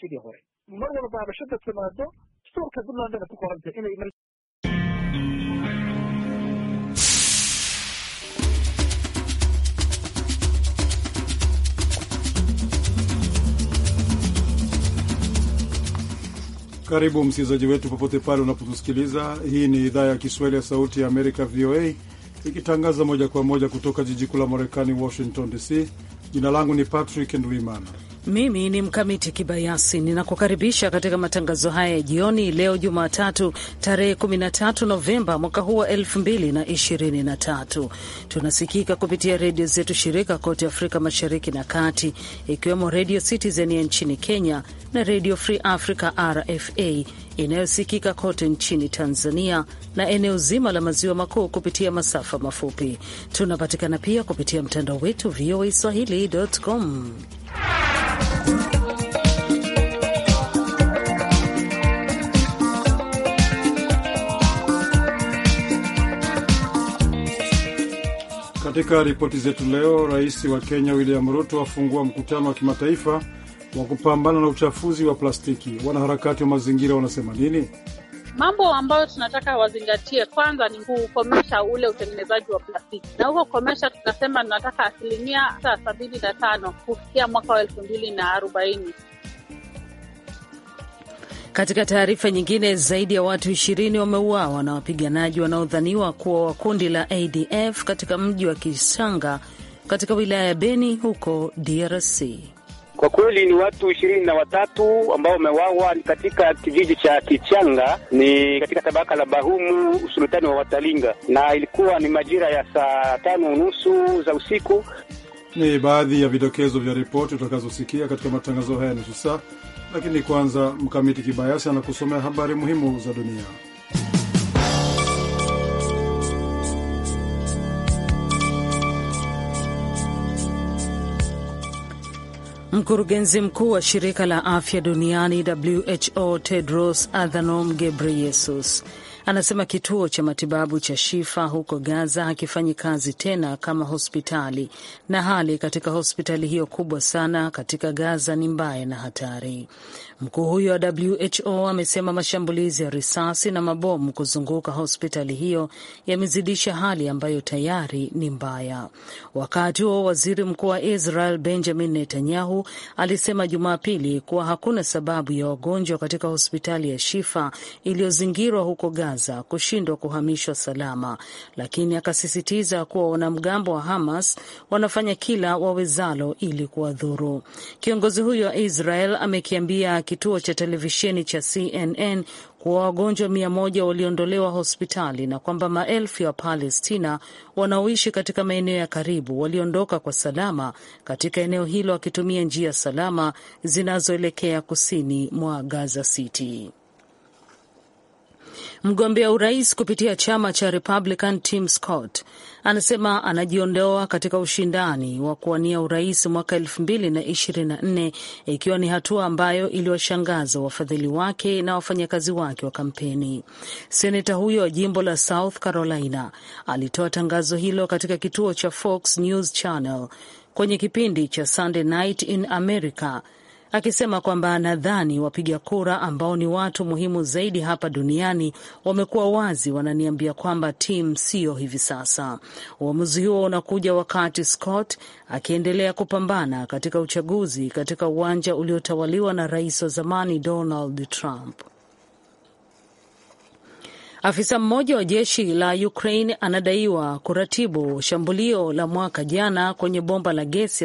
sidii hore mar walbaaba shadad timaado stuurka puntlandna ku e qoranta inay Karibu msikilizaji wetu popote pale unapotusikiliza. Hii ni idhaa ya Kiswahili ya Sauti ya Amerika, VOA, ikitangaza moja kwa moja kutoka jiji kuu la Marekani, Washington DC. Jina langu ni Patrick Ndwimana mimi ni Mkamiti Kibayasi, ninakukaribisha katika matangazo haya ya jioni leo Jumatatu tarehe 13 Novemba mwaka huu wa 2023. Tunasikika kupitia redio zetu shirika kote Afrika Mashariki na Kati, ikiwemo Redio Citizen ya nchini Kenya na Redio Free Africa RFA inayosikika kote nchini Tanzania na eneo zima la maziwa makuu kupitia masafa mafupi. Tunapatikana pia kupitia mtandao wetu voa swahili.com. Katika ripoti zetu leo, rais wa Kenya William Ruto afungua mkutano wa kimataifa wa kupambana na uchafuzi wa plastiki. Wanaharakati wa mazingira wanasema nini? Mambo ambayo tunataka wazingatie kwanza ni kukomesha ule utengenezaji wa plastiki, na huko komesha tunasema tunataka asilimia sabini na tano kufikia mwaka wa elfu mbili na arobaini. Katika taarifa nyingine, zaidi ya watu ishirini wameuawa na wapiganaji wanaodhaniwa kuwa wa kundi la ADF katika mji wa Kisanga katika wilaya ya Beni huko DRC. Kwa kweli ni watu ishirini na watatu ambao wamewawa katika kijiji cha Kichanga, ni katika tabaka la Bahumu, usultani wa Watalinga, na ilikuwa ni majira ya saa tano unusu za usiku. Ni baadhi ya vidokezo vya ripoti utakazosikia katika matangazo haya nusu saa, lakini kwanza Mkamiti Kibayasi anakusomea habari muhimu za dunia. Mkurugenzi mkuu wa shirika la afya duniani WHO Tedros Adhanom Ghebreyesus anasema kituo cha matibabu cha Shifa huko Gaza hakifanyi kazi tena kama hospitali, na hali katika hospitali hiyo kubwa sana katika Gaza ni mbaya na hatari. Mkuu huyo wa WHO amesema mashambulizi ya risasi na mabomu kuzunguka hospitali hiyo yamezidisha hali ambayo tayari ni mbaya. Wakati huo waziri mkuu wa Israel Benjamin Netanyahu alisema Jumapili kuwa hakuna sababu ya wagonjwa katika hospitali ya Shifa iliyozingirwa huko Gaza kushindwa kuhamishwa salama, lakini akasisitiza kuwa wanamgambo wa Hamas wanafanya kila wawezalo ili kuwadhuru. Kiongozi huyo wa Israel amekiambia kituo cha televisheni cha CNN kuwa wagonjwa mia moja waliondolewa hospitali na kwamba maelfu ya Wapalestina wanaoishi katika maeneo ya karibu waliondoka kwa salama katika eneo hilo wakitumia njia salama zinazoelekea kusini mwa Gaza City. Mgombea urais kupitia chama cha Republican Tim Scott anasema anajiondoa katika ushindani wa kuwania urais mwaka elfu mbili na ishirini na nne ikiwa ni hatua ambayo iliwashangaza wafadhili wake na wafanyakazi wake wa kampeni. Seneta huyo wa jimbo la South Carolina alitoa tangazo hilo katika kituo cha Fox News Channel kwenye kipindi cha Sunday Night in America akisema kwamba nadhani wapiga kura ambao ni watu muhimu zaidi hapa duniani wamekuwa wazi, wananiambia kwamba timu siyo hivi sasa. Uamuzi huo unakuja wakati Scott akiendelea kupambana katika uchaguzi katika uwanja uliotawaliwa na rais wa zamani Donald Trump. Afisa mmoja wa jeshi la Ukraine anadaiwa kuratibu shambulio la mwaka jana kwenye bomba la gesi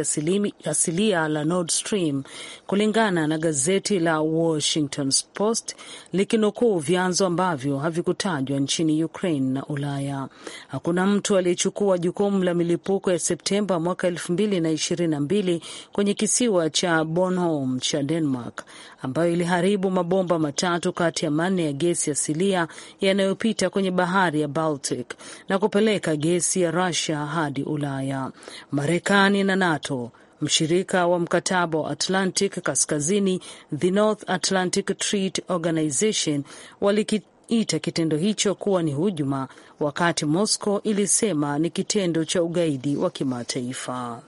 asilia la Nord Stream, kulingana na gazeti la Washington Post likinukuu vyanzo ambavyo havikutajwa nchini Ukraine na Ulaya. Hakuna mtu aliyechukua jukumu la milipuko ya Septemba mwaka elfu mbili na ishirini na mbili kwenye kisiwa cha Bornholm cha Denmark, ambayo iliharibu mabomba matatu kati ya manne ya gesi asilia yanayo inayopita kwenye bahari ya Baltic na kupeleka gesi ya Russia hadi Ulaya. Marekani na NATO mshirika wa mkataba wa Atlantic Kaskazini, the North Atlantic Treaty Organization, walikiita kitendo hicho kuwa ni hujuma, wakati Moscow ilisema ni kitendo cha ugaidi wa kimataifa.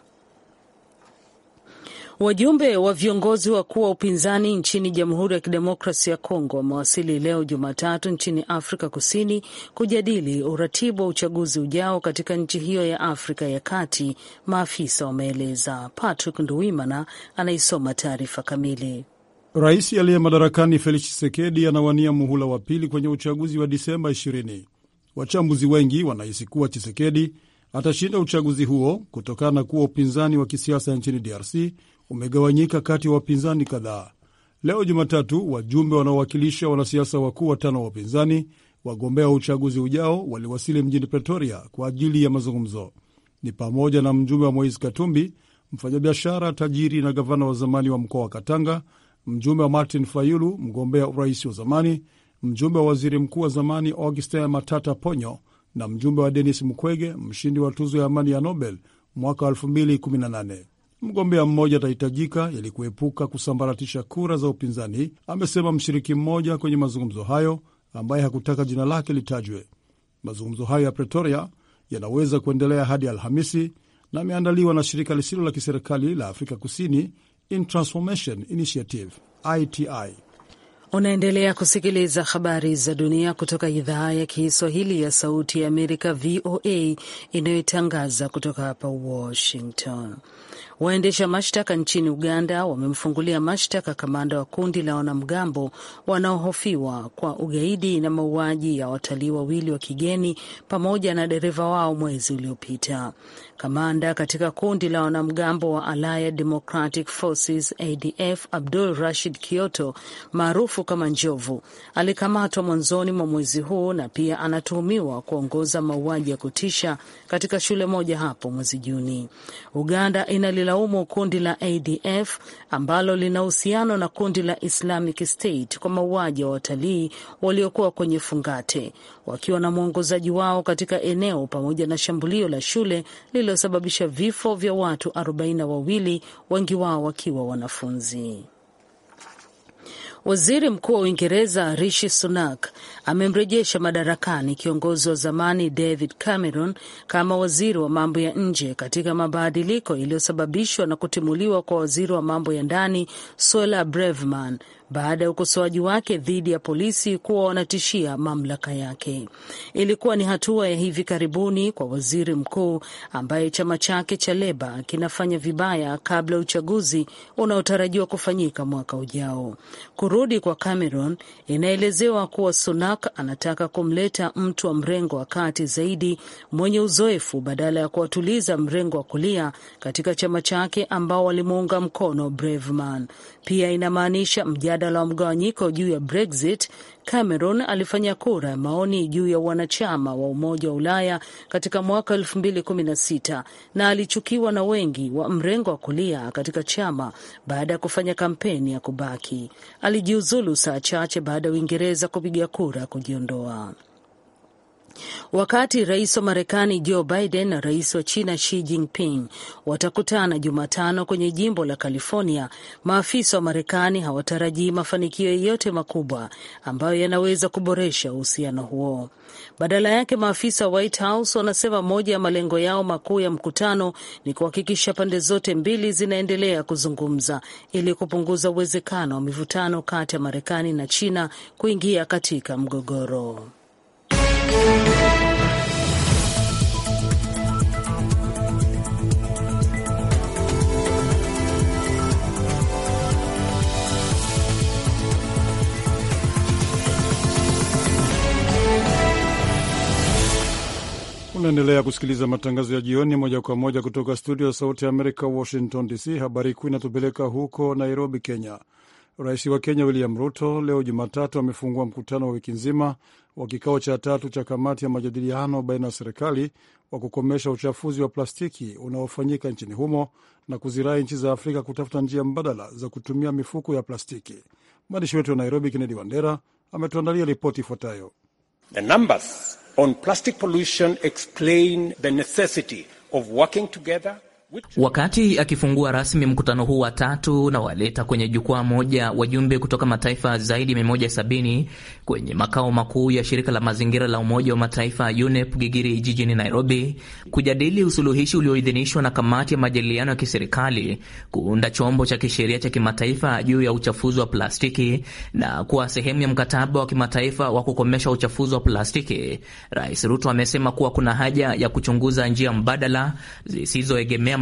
Wajumbe wa viongozi wakuu wa upinzani nchini Jamhuri ya Kidemokrasi ya Kongo wamewasili leo Jumatatu nchini Afrika Kusini kujadili uratibu wa uchaguzi ujao katika nchi hiyo ya Afrika ya Kati, maafisa wameeleza. Patrick Nduwimana anaisoma taarifa kamili. Rais aliye madarakani Felix chisekedi anawania muhula wa pili kwenye uchaguzi wa Disemba 20. Wachambuzi wengi wanahisi kuwa chisekedi atashinda uchaguzi huo kutokana na kuwa upinzani wa kisiasa nchini DRC umegawanyika kati ya wapinzani kadhaa. Leo Jumatatu, wajumbe wanaowakilisha wanasiasa wakuu watano wa upinzani wagombea wa uchaguzi ujao waliwasili mjini Pretoria kwa ajili ya mazungumzo. Ni pamoja na mjumbe wa Moise Katumbi, mfanyabiashara tajiri na gavana wa zamani wa mkoa wa Katanga, mjumbe wa Martin Fayulu, mgombea urais wa zamani, mjumbe wa waziri mkuu wa zamani Augustin Matata Ponyo na mjumbe wa Denis Mukwege, mshindi wa tuzo ya amani ya Nobel mwaka 2018 mgombea mmoja atahitajika ili kuepuka kusambaratisha kura za upinzani, amesema mshiriki mmoja kwenye mazungumzo hayo ambaye hakutaka jina lake litajwe. Mazungumzo hayo ya Pretoria yanaweza kuendelea hadi Alhamisi na ameandaliwa na shirika lisilo la kiserikali la Afrika Kusini In Transformation Initiative ITI. Unaendelea kusikiliza habari za dunia kutoka idhaa ya Kiswahili ya Sauti ya Amerika, VOA, inayotangaza kutoka hapa Washington. Waendesha mashtaka nchini Uganda wamemfungulia mashtaka kamanda wa kundi la wanamgambo wanaohofiwa kwa ugaidi na mauaji ya watalii wawili wa kigeni pamoja na dereva wao mwezi uliopita. Kamanda katika kundi la wanamgambo wa Allied Democratic Forces ADF Abdul Rashid Kioto maarufu kama Njovu alikamatwa mwanzoni mwa mwezi huu na pia anatuhumiwa kuongoza mauaji ya kutisha katika shule moja hapo mwezi Juni. Uganda inalilaumu kundi la ADF ambalo lina uhusiano na kundi la Islamic State kwa mauaji ya watalii waliokuwa kwenye fungate wakiwa na mwongozaji wao katika eneo pamoja na shambulio la shule lilo lililosababisha vifo vya watu arobaini na wawili, wengi wao wakiwa wanafunzi. Waziri Mkuu wa Uingereza Rishi Sunak amemrejesha madarakani kiongozi wa zamani David Cameron kama waziri wa mambo ya nje katika mabadiliko iliyosababishwa na kutimuliwa kwa waziri wa mambo ya ndani Suella Braverman baada ya ukosoaji wake dhidi ya polisi kuwa wanatishia mamlaka yake. Ilikuwa ni hatua ya hivi karibuni kwa waziri mkuu ambaye chama chake cha Leba kinafanya vibaya kabla ya uchaguzi unaotarajiwa kufanyika mwaka ujao. Kurudi kwa Cameron, inaelezewa kuwa Sunak anataka kumleta mtu wa mrengo wa kati zaidi mwenye uzoefu badala ya kuwatuliza mrengo wa kulia katika chama chake ambao walimuunga mkono Braveman. Pia inamaanisha mjadala wa mgawanyiko juu ya Brexit Cameron alifanya kura ya maoni juu ya wanachama wa Umoja wa Ulaya katika mwaka 2016 na alichukiwa na wengi wa mrengo wa kulia katika chama baada ya kufanya kampeni ya kubaki. Alijiuzulu saa chache baada ya Uingereza kupiga kura kujiondoa. Wakati rais wa Marekani Joe Biden na rais wa China Xi Jinping watakutana Jumatano kwenye jimbo la California, maafisa wa Marekani hawatarajii mafanikio yeyote makubwa ambayo yanaweza kuboresha uhusiano huo. Badala yake, maafisa wa White House wanasema moja ya malengo yao makuu ya mkutano ni kuhakikisha pande zote mbili zinaendelea kuzungumza ili kupunguza uwezekano wa mivutano kati ya Marekani na China kuingia katika mgogoro. Unaendelea kusikiliza matangazo ya jioni moja kwa moja kutoka studio ya Sauti ya Amerika, Washington DC. Habari kuu inatupeleka huko Nairobi, Kenya. Rais wa Kenya William Ruto leo Jumatatu amefungua mkutano wa wiki nzima wa kikao cha tatu cha kamati ya majadiliano baina ya serikali wa kukomesha uchafuzi wa plastiki unaofanyika nchini humo na kuzirai nchi za Afrika kutafuta njia mbadala za kutumia mifuko ya plastiki. Mwandishi wetu wa Nairobi, Kennedy Wandera, ametuandalia ripoti ifuatayo. The numbers on plastic pollution explain the necessity of working together Wakati akifungua rasmi mkutano huu wa tatu na waleta kwenye jukwaa moja wajumbe kutoka mataifa zaidi ya 170 kwenye makao makuu ya shirika la mazingira la Umoja wa Mataifa UNEP Gigiri jijini Nairobi kujadili usuluhishi ulioidhinishwa na kamati ya majadiliano ya kiserikali kuunda chombo cha kisheria cha kimataifa juu ya uchafuzi wa plastiki na kuwa sehemu ya mkataba wa kimataifa wa kukomesha uchafuzi wa plastiki. Rais Ruto amesema kuwa kuna haja ya kuchunguza njia mbadala zisizoegemea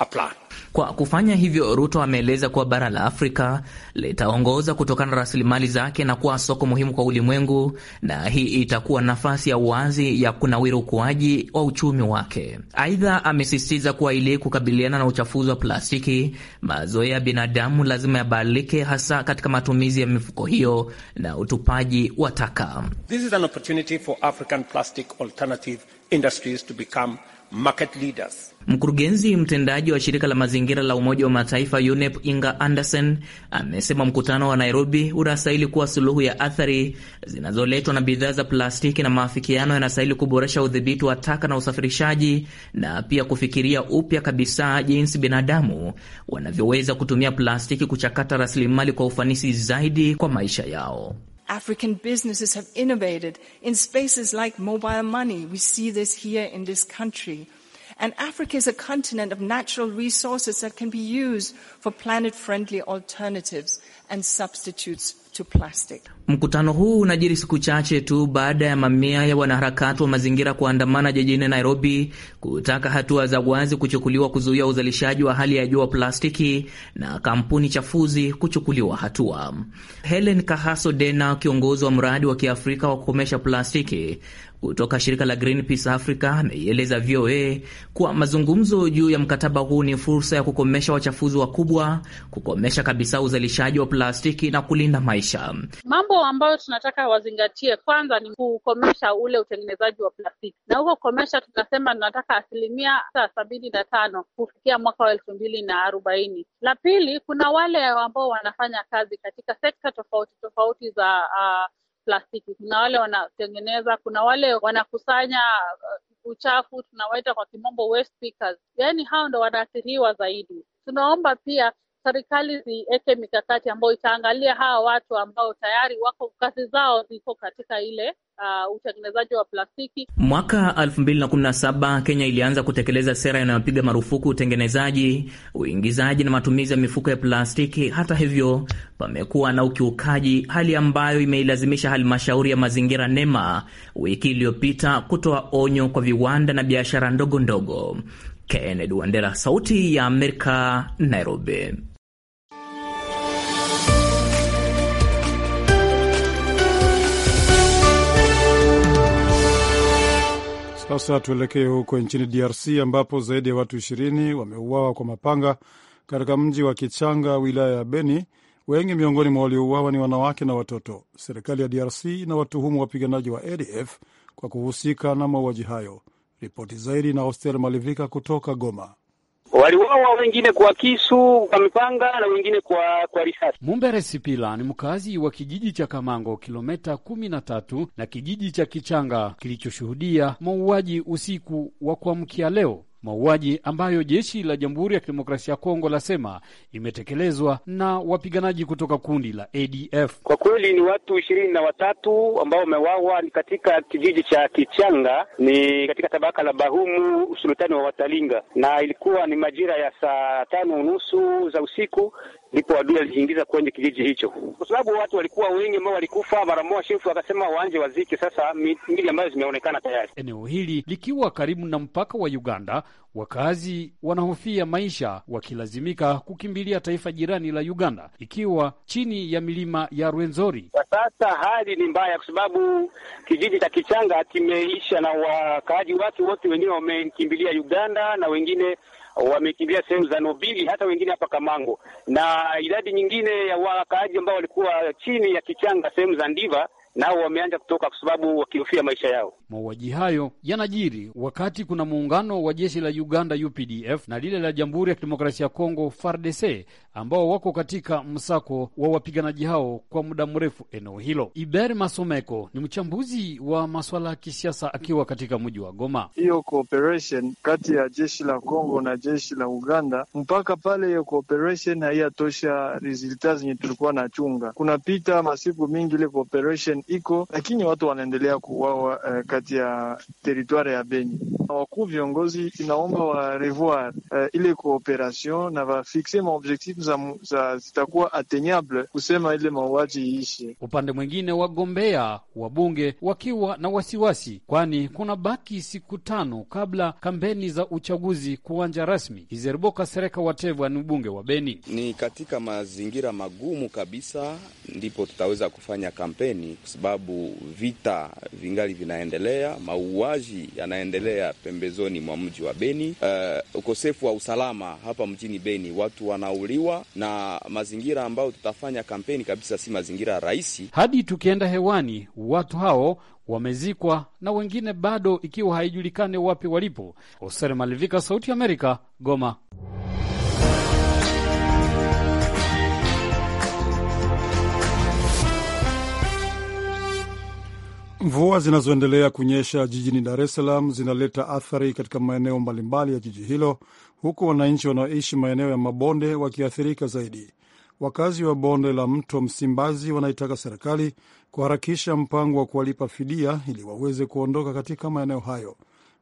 a plan. Kwa kufanya hivyo, Ruto ameeleza kuwa bara la Afrika litaongoza kutokana na rasilimali zake na kuwa soko muhimu kwa ulimwengu, na hii itakuwa nafasi ya wazi ya kunawiri ukuaji wa uchumi wake. Aidha, amesisitiza kuwa ili kukabiliana na uchafuzi wa plastiki, mazoea ya binadamu lazima yabadilike, hasa katika matumizi ya mifuko hiyo na utupaji wa taka. This is an opportunity for African plastic alternative industries to become market leaders. Mkurugenzi mtendaji wa shirika la mazingira la Umoja wa Mataifa UNEP Inga Anderson amesema mkutano wa Nairobi unastahili kuwa suluhu ya athari zinazoletwa na bidhaa za plastiki na maafikiano yanastahili kuboresha udhibiti wa taka na usafirishaji na pia kufikiria upya kabisa jinsi binadamu wanavyoweza kutumia plastiki kuchakata rasilimali kwa ufanisi zaidi kwa maisha yao. African businesses have innovated in spaces like mobile money. We see this here in this country. And Africa is a continent of natural resources that can be used for planet friendly alternatives and substitutes to plastic. Mkutano huu unajiri siku chache tu baada ya mamia ya wanaharakati wa mazingira kuandamana jijini Nairobi kutaka hatua za wazi kuchukuliwa kuzuia uzalishaji wa hali ya juu wa plastiki na kampuni chafuzi kuchukuliwa hatua. Helen Kahaso Dena, kiongozi wa mradi wa Kiafrika wa kukomesha plastiki, kutoka shirika la Greenpeace Africa ameieleza VOA kuwa mazungumzo juu ya mkataba huu ni fursa ya kukomesha wachafuzi wakubwa, kukomesha kabisa uzalishaji wa plastiki na kulinda maisha. Mambo ambayo tunataka wazingatie, kwanza ni kukomesha ule utengenezaji wa plastiki, na huko kukomesha tunasema tunataka asilimia sabini na tano kufikia mwaka wa elfu mbili na arobaini. La pili, kuna wale ambao wanafanya kazi katika sekta tofauti tofauti za uh, plastiki. Kuna wale wanatengeneza, kuna wale wanakusanya uh, uchafu tunawaita kwa kimombo waste pickers. Yaani hao ndo wanaathiriwa zaidi. Tunaomba pia serikali ziweke mikakati ambayo itaangalia hawa watu ambao tayari wako kazi zao ziko katika ile uh, utengenezaji wa plastiki. Mwaka 2017 Kenya ilianza kutekeleza sera inayopiga marufuku utengenezaji, uingizaji na matumizi ya mifuko ya plastiki. Hata hivyo, pamekuwa na ukiukaji, hali ambayo imeilazimisha halmashauri ya mazingira NEMA wiki iliyopita kutoa onyo kwa viwanda na biashara ndogo ndogo. Kennedy Wandera, Sauti ya Amerika, Nairobi. Sasa tuelekee huko nchini DRC ambapo zaidi ya watu ishirini wameuawa kwa mapanga katika mji wa Kichanga, wilaya ya Beni. Wengi miongoni mwa waliouawa ni wanawake na watoto. Serikali ya DRC inawatuhumu wapiganaji wa ADF kwa kuhusika na mauaji hayo. Ripoti zaidi na Hoster Malivika kutoka Goma waliwawa wengine kwa kisu, kwa mipanga na wengine kwa kwa risasi. Mumbere Sipila ni mkazi wa kijiji cha Kamango, kilomita kumi na tatu na kijiji cha Kichanga kilichoshuhudia mauaji usiku wa kuamkia leo mauaji ambayo jeshi la Jamhuri ya Kidemokrasia ya Kongo lasema imetekelezwa na wapiganaji kutoka kundi la ADF. Kwa kweli ni watu ishirini na watatu ambao wamewawa ni katika kijiji cha Kichanga, ni katika tabaka la Bahumu, usultani wa Watalinga, na ilikuwa ni majira ya saa tano unusu za usiku ndipo adui alijiingiza kwenye kijiji hicho, kwa sababu watu walikuwa wengi ambao walikufa Baramoa Shefu wakasema waanje wazike sasa mili ambayo zimeonekana tayari. Eneo hili likiwa karibu na mpaka wa Uganda, wakazi wanahofia maisha, wakilazimika kukimbilia taifa jirani la Uganda, ikiwa chini ya milima ya Rwenzori. Kwa sasa hali ni mbaya, kwa sababu kijiji cha Kichanga kimeisha na wakaaji wake wote, wengine wamekimbilia Uganda na wengine wamekimbia sehemu za Nobili, hata wengine hapa Kamango, na idadi nyingine ya wakaaji ambao walikuwa chini ya kichanga sehemu za Ndiva nao wameanza kutoka kwa sababu wakihofia maisha yao. Mauaji hayo yanajiri wakati kuna muungano wa jeshi la Uganda UPDF na lile la Jamhuri ya Kidemokrasia ya Kongo FARDC ambao wako katika msako wa wapiganaji hao kwa muda mrefu eneo hilo. Iber Masomeko ni mchambuzi wa masuala ya kisiasa akiwa katika mji wa Goma. Hiyo cooperation kati ya jeshi la Kongo na jeshi la Uganda, mpaka pale hiyo cooperation haiyatosha resulta zenye tulikuwa na chunga. Kunapita masiku mingi ile cooperation iko, lakini watu wanaendelea kuwawa uh, kati ya teritware ya Beni. Wakuu viongozi inaomba wa revoir uh, ile cooperation na wafikse maobjektif za, za zitakuwa atenyable kusema ile mauaji iishe. Upande mwingine, wagombea wabunge wakiwa na wasiwasi, kwani kuna baki siku tano kabla kampeni za uchaguzi kuanja rasmi. Izerboka Sereka Watevwa ni mbunge wa Beni. Ni katika mazingira magumu kabisa ndipo tutaweza kufanya kampeni, kwa sababu vita vingali vinaendelea yanaendelea, mauaji yanaendelea pembezoni mwa mji wa Beni, uh, ukosefu wa usalama hapa mjini Beni, watu wanauliwa na mazingira ambayo tutafanya kampeni kabisa, si mazingira rahisi. Hadi tukienda hewani, watu hao wamezikwa na wengine bado ikiwa haijulikane wapi walipo. Hoser Malivika, Sauti ya Amerika, Goma. Mvua zinazoendelea kunyesha jijini Dar es Salaam zinaleta athari katika maeneo mbalimbali ya jiji hilo, huku wananchi wanaoishi maeneo ya mabonde wakiathirika zaidi. Wakazi wa bonde la mto Msimbazi wanaitaka serikali kuharakisha mpango wa kuwalipa fidia ili waweze kuondoka katika maeneo hayo.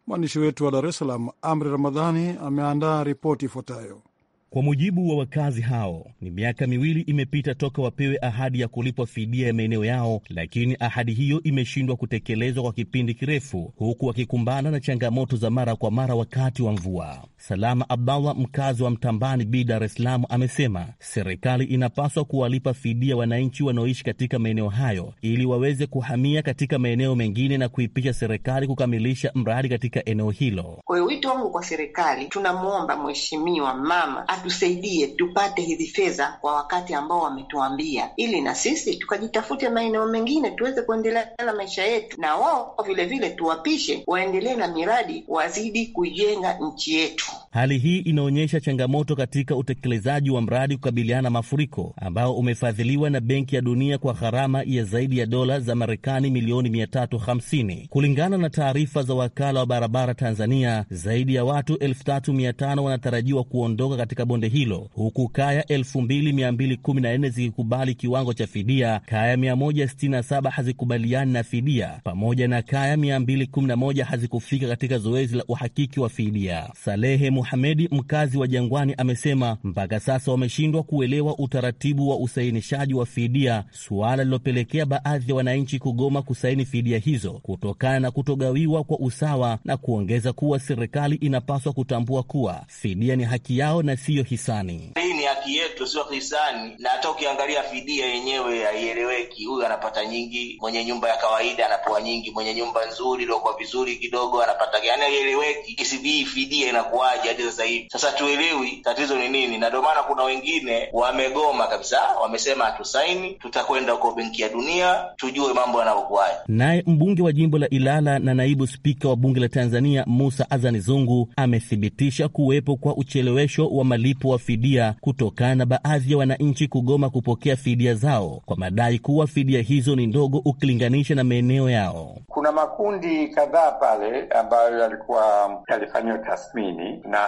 Mwandishi wetu wa Dar es Salaam, Amri Ramadhani, ameandaa ripoti ifuatayo. Kwa mujibu wa wakazi hao, ni miaka miwili imepita toka wapewe ahadi ya kulipwa fidia ya maeneo yao, lakini ahadi hiyo imeshindwa kutekelezwa kwa kipindi kirefu, huku wakikumbana na changamoto za mara kwa mara wakati wa mvua. Salama Abdallah, mkazi wa Mtambani B, Dar es Salaam, amesema serikali inapaswa kuwalipa fidia wananchi wanaoishi katika maeneo hayo ili waweze kuhamia katika maeneo mengine na kuipisha serikali kukamilisha mradi katika eneo hilo. Kwa hiyo wito wangu kwa serikali, tunamwomba mheshimiwa mama atusaidie tupate hizi fedha kwa wakati ambao wametuambia, ili na sisi tukajitafute maeneo mengine tuweze kuendelea na maisha yetu, na wao vilevile tuwapishe waendelee na miradi, wazidi kuijenga nchi yetu. Hali hii inaonyesha changamoto katika utekelezaji wa mradi kukabiliana na mafuriko ambao umefadhiliwa na Benki ya Dunia kwa gharama ya zaidi ya dola za Marekani milioni 350. Kulingana na taarifa za wakala wa barabara Tanzania, zaidi ya watu 3500 wanatarajiwa kuondoka katika bonde hilo, huku kaya 2214 zikikubali kiwango cha fidia, kaya 167 hazikubaliani na fidia, pamoja na kaya 211 hazikufika katika zoezi la uhakiki wa fidia. Salehe Muhamedi, mkazi wa Jangwani, amesema mpaka sasa wameshindwa kuelewa utaratibu wa usainishaji wa fidia, suala lilopelekea baadhi ya wananchi kugoma kusaini fidia hizo kutokana na kutogawiwa kwa usawa, na kuongeza kuwa serikali inapaswa kutambua kuwa fidia ni haki yao na si siyo hisani. Hii ni haki yetu, sio hisani. Na hata ukiangalia fidia yenyewe haieleweki. Huyu anapata nyingi, mwenye nyumba ya kawaida anapewa nyingi, mwenye nyumba nzuri iliyokuwa vizuri kidogo anapata, yaani haieleweki. hii fidia inakuwaje hadi sasa hivi? Sasa tuelewi tatizo ni nini, na ndio maana kuna wengine wamegoma kabisa, wamesema hatusaini, tutakwenda huko Benki ya Dunia tujue mambo yanavyokuwaje. Naye mbunge wa jimbo la Ilala na naibu spika wa bunge la Tanzania Musa Azani Zungu amethibitisha kuwepo kwa uchelewesho wa mali kulipwa fidia kutokana na baadhi ya wananchi kugoma kupokea fidia zao kwa madai kuwa fidia hizo ni ndogo ukilinganisha na maeneo yao. Kuna makundi kadhaa pale ambayo yalikuwa yalifanyiwa tathmini na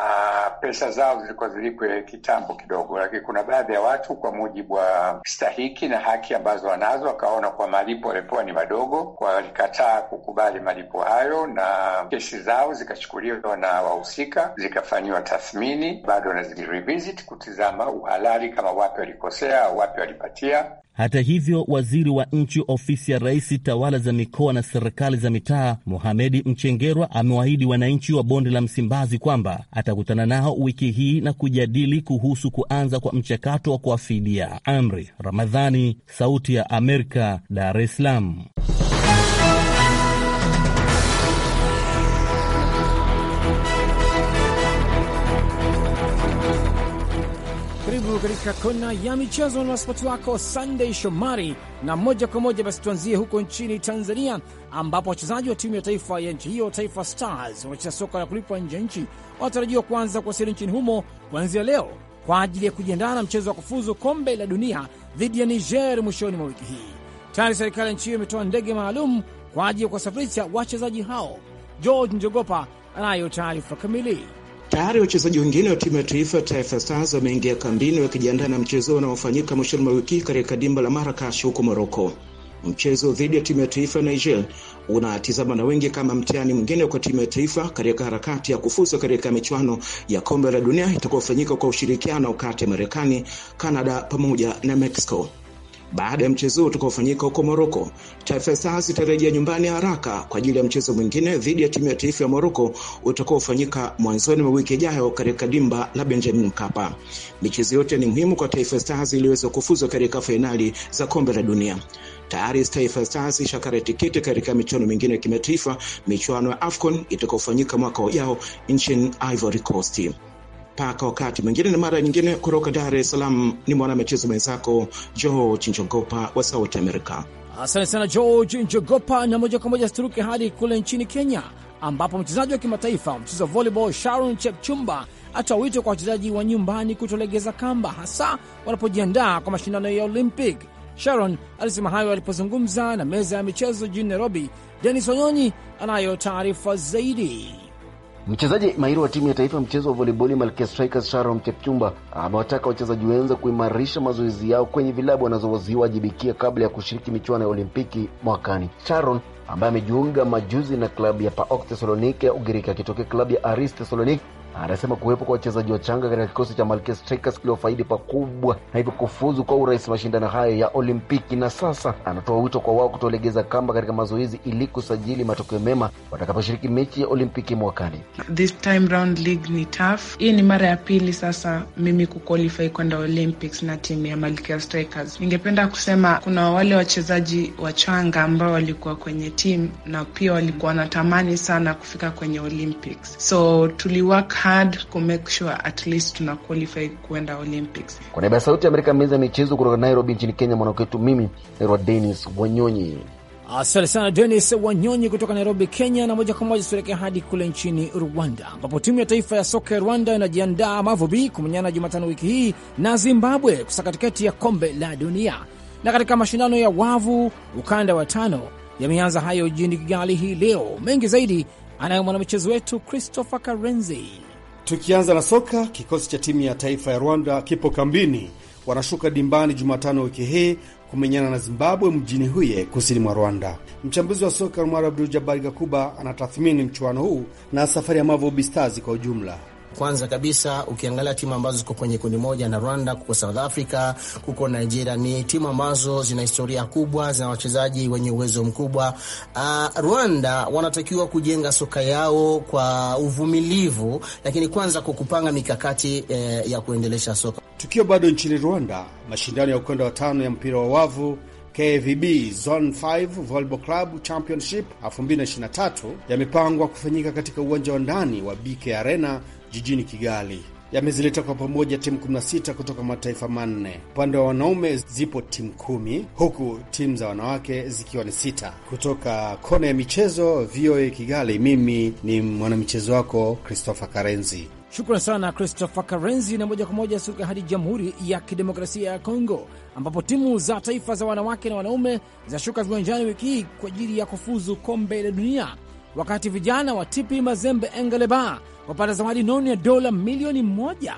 pesa zao zilikuwa zilipwe kitambo kidogo, lakini kuna baadhi ya watu kwa mujibu wa stahiki na haki ambazo wanazo wakaona kwa malipo waliopewa ni madogo, walikataa kukubali malipo hayo, na kesi zao zikachukuliwa na wahusika zikafanyiwa tathmini, bado wanazili revisit kutizama uhalali kama wapi walikosea au wapi walipatia. Hata hivyo, waziri wa nchi ofisi ya rais tawala za mikoa na serikali za mitaa Mohamedi Mchengerwa amewaahidi wananchi wa bonde la Msimbazi kwamba atakutana nao wiki hii na kujadili kuhusu kuanza kwa mchakato wa kuafidia. Amri Ramadhani, Sauti ya Amerika, Dar es Salaam. katika kona ya michezo na wasipoti wako Sunday Shomari, na moja kwa moja basi tuanzie huko nchini Tanzania, ambapo wachezaji wa timu ya taifa ya nchi hiyo Taifa Stars wanacheza soka la kulipwa nje ya nchi wanatarajiwa kuanza kuwasili nchini humo kuanzia leo kwa ajili ya kujiandaa na mchezo wa kufuzu kombe la dunia dhidi ya Niger mwishoni mwa wiki hii. Tayari serikali ya nchi hiyo imetoa ndege maalum kwa ajili ya kuwasafirisha wachezaji hao. George Njogopa anayo taarifa kamili. Tayari wachezaji wengine wa timu ya taifa ya Taifa Stars wameingia kambini wakijiandaa na mchezo unaofanyika mwishoni mwa wiki katika dimba la Marakash huko Moroko. Mchezo dhidi ya timu ya taifa ya Niger unatizama na wengi kama mtihani mwingine kwa timu ya taifa katika harakati ya kufuzu katika michuano ya kombe la dunia itakayofanyika kwa ushirikiano kati ya Marekani, Kanada pamoja na Mexico. Baada ya mchezo huo utakaofanyika huko Moroko, Taifa Stars itarejea nyumbani haraka kwa ajili ya mchezo mwingine dhidi ya timu ya taifa ya Moroko utakaofanyika mwanzoni mwa wiki ijayo katika dimba la Benjamin Mkapa. Michezo yote ni muhimu kwa Taifa Stars iliweza kufuzwa katika fainali za kombe la dunia. Tayari Taifa Stars ishakare tiketi katika michuano mingine ya kimataifa, michuano ya AFCON itakaofanyika mwaka ujao nchini Ivory Coast mpaka wakati mwingine na mara nyingine. Kutoka Dar es Salaam ni mwanamichezo mwenzako George Njogopa wa Sauti Amerika. Asante sana George Njogopa, na moja kwa moja situruke hadi kule nchini Kenya ambapo mchezaji wa kimataifa mchezo wa volleyball Sharon Chepchumba atoa wito kwa wachezaji wa nyumbani kutolegeza kamba, hasa wanapojiandaa kwa mashindano ya Olympic. Sharon alisema hayo alipozungumza na meza ya michezo jijini Nairobi. Denis Onyonyi anayo taarifa zaidi. Mchezaji mahiri wa timu ya taifa mchezo wa voleboli Malkia Strikers Sharon Chepchumba amewataka wachezaji wenza kuimarisha mazoezi yao kwenye vilabu wanazoziwajibikia kabla ya kushiriki michuano ya Olimpiki mwakani. Sharon ambaye amejiunga majuzi na klabu ya PAOK Thessaloniki ya Ugiriki akitokea klabu ya Aris Thessaloniki Anasema kuwepo kwa wachezaji wachanga katika kikosi cha Malkia Strikers kiliofaidi pakubwa na hivyo kufuzu kwa urahisi mashindano hayo ya Olimpiki, na sasa anatoa wito kwa wao kutolegeza kamba katika mazoezi ili kusajili matokeo mema watakaposhiriki mechi ya Olimpiki mwakani. This time round league ni tough. Hii ni mara ya pili sasa mimi kuqualify kwenda Olympics na timu ya Malkia Strikers. Ningependa kusema kuna wale wachezaji wachanga ambao walikuwa kwenye timu na pia walikuwa wanatamani sana kufika kwenye Olympics, so tuliwaka hard ku make sure at least tuna qualify Olympics. Kwa niaba ya Sauti ya Amerika, meza ya michezo kutoka Nairobi nchini Kenya, mwanakwetu mimi naitwa Denis Wanyonyi. Asante sana Denis Wanyonyi kutoka Nairobi, Kenya. Na moja kwa moja tuelekea hadi kule nchini Rwanda, ambapo timu ya taifa ya soka ya Rwanda inajiandaa Mavubi kumenyana Jumatano wiki hii na Zimbabwe kusaka tiketi ya kombe la dunia. Na katika mashindano ya wavu ukanda wa tano yameanza hayo jijini Kigali hii leo. Mengi zaidi anayo mwanamichezo wetu Christopher Karenzi. Tukianza na soka, kikosi cha timu ya taifa ya Rwanda kipo kambini, wanashuka dimbani Jumatano wiki hii kumenyana na Zimbabwe mjini Huye, kusini mwa Rwanda. Mchambuzi wa soka Umar Abdul Jabari Gakuba anatathmini mchuano huu na safari ya Mavubi Stars kwa ujumla. Kwanza kabisa ukiangalia timu ambazo ziko kwenye kundi moja na Rwanda, kuko South Africa, kuko Nigeria, ni timu ambazo zina historia kubwa, zina wachezaji wenye uwezo mkubwa. Uh, Rwanda wanatakiwa kujenga soka yao kwa uvumilivu, lakini kwanza kwa kupanga mikakati eh, ya kuendelesha soka. Tukio bado nchini Rwanda, mashindano ya ukanda wa tano ya mpira wa wavu KVB Zone 5 Volleyball Club Championship 2023 yamepangwa kufanyika katika uwanja wa ndani wa BK Arena jijini Kigali yamezileta kwa pamoja timu 16 kutoka mataifa manne. Upande wa wanaume zipo timu kumi huku timu za wanawake zikiwa ni sita. Kutoka kona ya michezo VOA Kigali, mimi ni mwanamichezo wako Christopher Karenzi. Shukran sana Christopher Karenzi. Na moja kwa moja suka hadi Jamhuri ya Kidemokrasia ya Kongo, ambapo timu za taifa za wanawake na wanaume zinashuka viwanjani wiki hii kwa ajili ya kufuzu kombe la dunia, wakati vijana wa Tipi Mazembe Engeleba wapata zawadi nono ya dola milioni moja.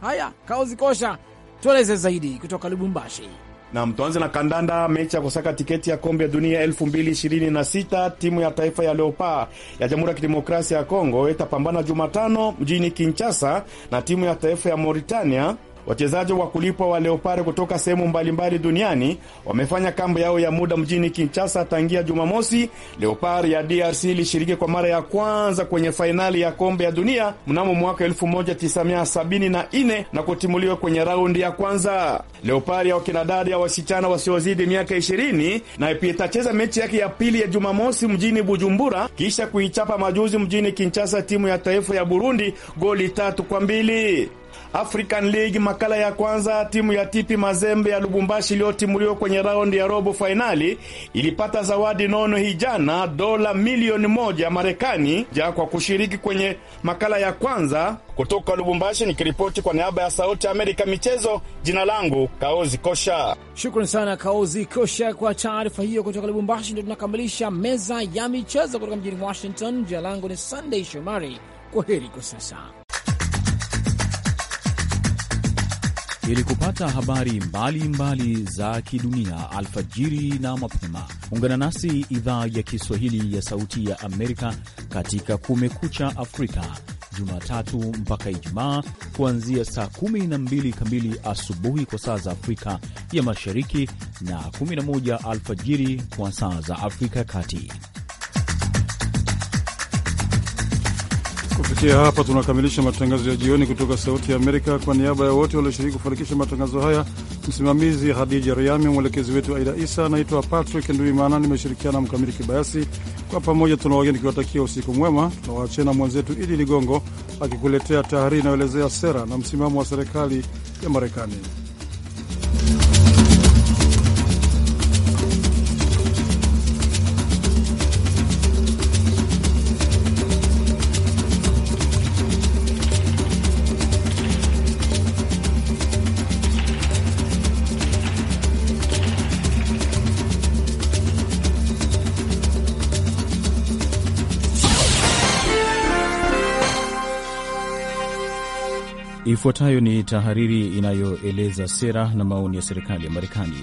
Haya, kaozikosha Kosha, tueleze zaidi kutoka Lubumbashi. Nam, tuanze na kandanda. Mechi ya kusaka tiketi ya kombe ya dunia 2026 timu ya taifa ya leopa ya Jamhuri ya Kidemokrasia ya Kongo itapambana Jumatano mjini Kinshasa na timu ya taifa ya Mauritania Wachezaji wa kulipwa wa Leopard kutoka sehemu mbalimbali duniani wamefanya kambi yao ya muda mjini Kinshasa tangia Jumamosi. Leopard ya DRC ilishiriki kwa mara ya kwanza kwenye fainali ya kombe ya dunia mnamo mwaka 1974 na kutimuliwa kwenye raundi ya kwanza. Leopard ya wakinadada ya wasichana wasiozidi miaka 20 na pia itacheza mechi yake ya pili ya Jumamosi mjini Bujumbura kisha kuichapa majuzi mjini Kinshasa timu ya taifa ya Burundi goli tatu kwa mbili. African League makala ya kwanza, timu ya Tipi Mazembe ya Lubumbashi iliyotimuliwa kwenye raundi ya robo fainali ilipata zawadi nono hii jana, dola milioni moja Marekani ja kwa kushiriki kwenye makala ya kwanza. Kutoka Lubumbashi nikiripoti kwa niaba ya Sauti ya Amerika michezo, jina langu Kaozi Kosha. Shukrani sana Kaozi Kosha kwa taarifa hiyo kutoka Lubumbashi. Ndio tunakamilisha meza ya michezo kutoka mjini Washington. Jina langu ni Sunday Shomari. Kwa heri kwa sasa. ili kupata habari mbalimbali mbali za kidunia alfajiri na mapema. Ungana nasi idhaa ya Kiswahili ya Sauti ya Amerika katika Kumekucha Afrika Jumatatu mpaka Ijumaa kuanzia saa 12 kamili asubuhi kwa saa za Afrika ya Mashariki na 11 alfajiri kwa saa za Afrika ya Kati. Kufikia hapa tunakamilisha matangazo ya jioni kutoka Sauti ya Amerika. Kwa niaba ya wote walioshiriki kufanikisha matangazo haya, msimamizi Hadija Riami, mwelekezi wetu Aida Isa. anaitwa Patrick Nduimana, nimeshirikiana Mkamili Kibayasi. Kwa pamoja tuna wageni kiwatakia usiku mwema. Tunawaachia na mwenzetu Idi Ligongo akikuletea tahariri inayoelezea sera na msimamo wa serikali ya Marekani. Ifuatayo ni tahariri inayoeleza sera na maoni ya serikali ya Marekani.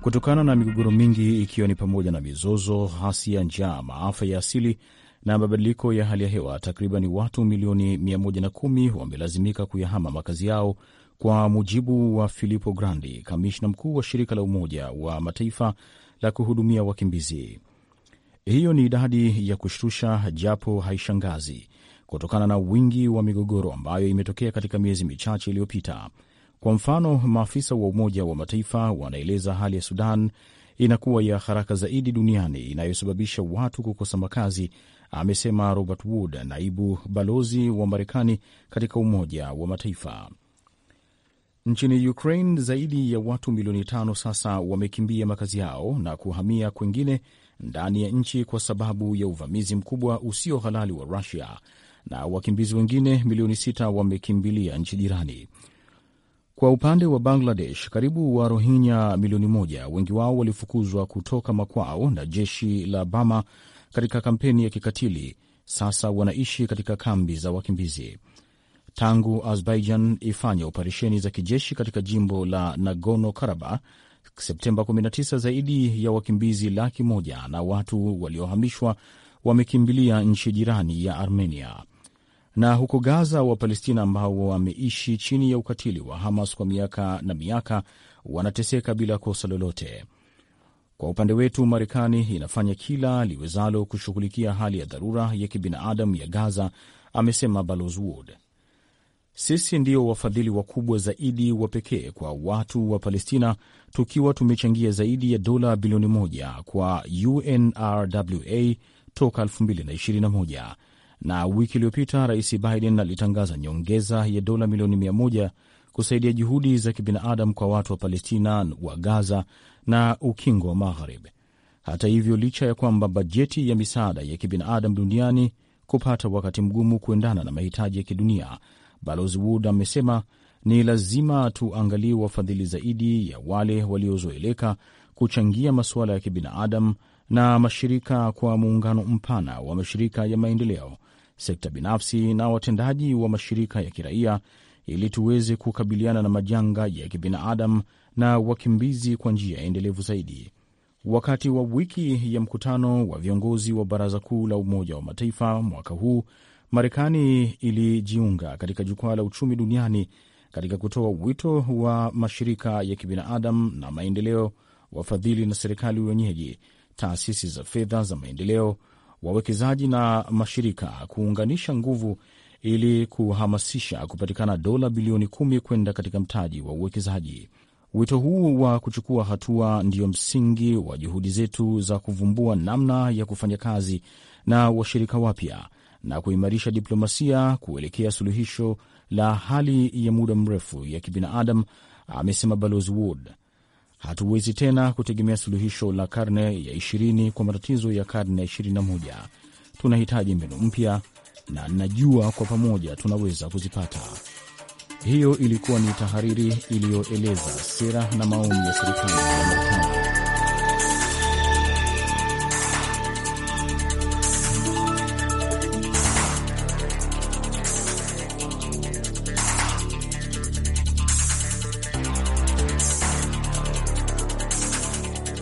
Kutokana na migogoro mingi, ikiwa ni pamoja na mizozo, ya njaa, maafa ya asili na mabadiliko ya hali ya hewa, takriban watu milioni 110 wamelazimika kuyahama makazi yao, kwa mujibu wa Filippo Grandi, kamishna mkuu wa shirika la Umoja wa Mataifa la kuhudumia wakimbizi. Hiyo ni idadi ya kushtusha, japo haishangazi kutokana na wingi wa migogoro ambayo imetokea katika miezi michache iliyopita. Kwa mfano, maafisa wa Umoja wa Mataifa wanaeleza hali ya Sudan inakuwa ya haraka zaidi duniani inayosababisha watu kukosa makazi, amesema Robert Wood, naibu balozi wa Marekani katika Umoja wa Mataifa. Nchini Ukraine, zaidi ya watu milioni tano sasa wamekimbia makazi yao na kuhamia kwengine ndani ya nchi kwa sababu ya uvamizi mkubwa usio halali wa Rusia na wakimbizi wengine milioni sita wamekimbilia nchi jirani. Kwa upande wa Bangladesh, karibu wa rohinya milioni moja, wengi wao walifukuzwa kutoka makwao na jeshi la Bama katika kampeni ya kikatili, sasa wanaishi katika kambi za wakimbizi. Tangu Azerbaijan ifanya operesheni za kijeshi katika jimbo la Nagorno Karabakh Septemba 19, zaidi ya wakimbizi laki moja na watu waliohamishwa wamekimbilia nchi jirani ya Armenia. Na huko Gaza, Wapalestina ambao wameishi chini ya ukatili wa Hamas kwa miaka na miaka wanateseka bila kosa lolote. Kwa upande wetu, Marekani inafanya kila liwezalo kushughulikia hali ya dharura ya kibinadamu ya Gaza, amesema Balozi Wood. Sisi ndio wafadhili wakubwa zaidi wa pekee kwa watu wa Palestina, tukiwa tumechangia zaidi ya dola bilioni moja kwa UNRWA toka 2021 na wiki iliyopita Rais Biden alitangaza nyongeza ya dola milioni mia moja kusaidia juhudi za kibinadamu kwa watu wa Palestina wa Gaza na Ukingo wa Magharibi. Hata hivyo, licha ya kwamba bajeti ya misaada ya kibinadamu duniani kupata wakati mgumu kuendana na mahitaji ya kidunia, Balozi Wood amesema ni lazima tuangalie wafadhili zaidi ya wale waliozoeleka kuchangia masuala ya kibinadamu na mashirika kwa muungano mpana wa mashirika ya maendeleo sekta binafsi na watendaji wa mashirika ya kiraia ili tuweze kukabiliana na majanga ya kibinadamu na wakimbizi kwa njia endelevu zaidi. Wakati wa wiki ya mkutano wa viongozi wa Baraza Kuu la Umoja wa Mataifa mwaka huu, Marekani ilijiunga katika jukwaa la uchumi duniani katika kutoa wito wa mashirika ya kibinadamu na maendeleo, wafadhili na serikali wenyeji, taasisi za fedha za maendeleo wawekezaji na mashirika kuunganisha nguvu ili kuhamasisha kupatikana dola bilioni kumi kwenda katika mtaji wa uwekezaji. Wito huu wa kuchukua hatua ndiyo msingi wa juhudi zetu za kuvumbua namna ya kufanya kazi na washirika wapya na kuimarisha diplomasia kuelekea suluhisho la hali ya muda mrefu ya kibinadamu, amesema Balozi Wood. Hatuwezi tena kutegemea suluhisho la karne ya 20 kwa matatizo ya karne ya 21. Tunahitaji mbinu mpya na najua kwa pamoja tunaweza kuzipata. Hiyo ilikuwa ni tahariri iliyoeleza sera na maoni ya serikali ya Marekani.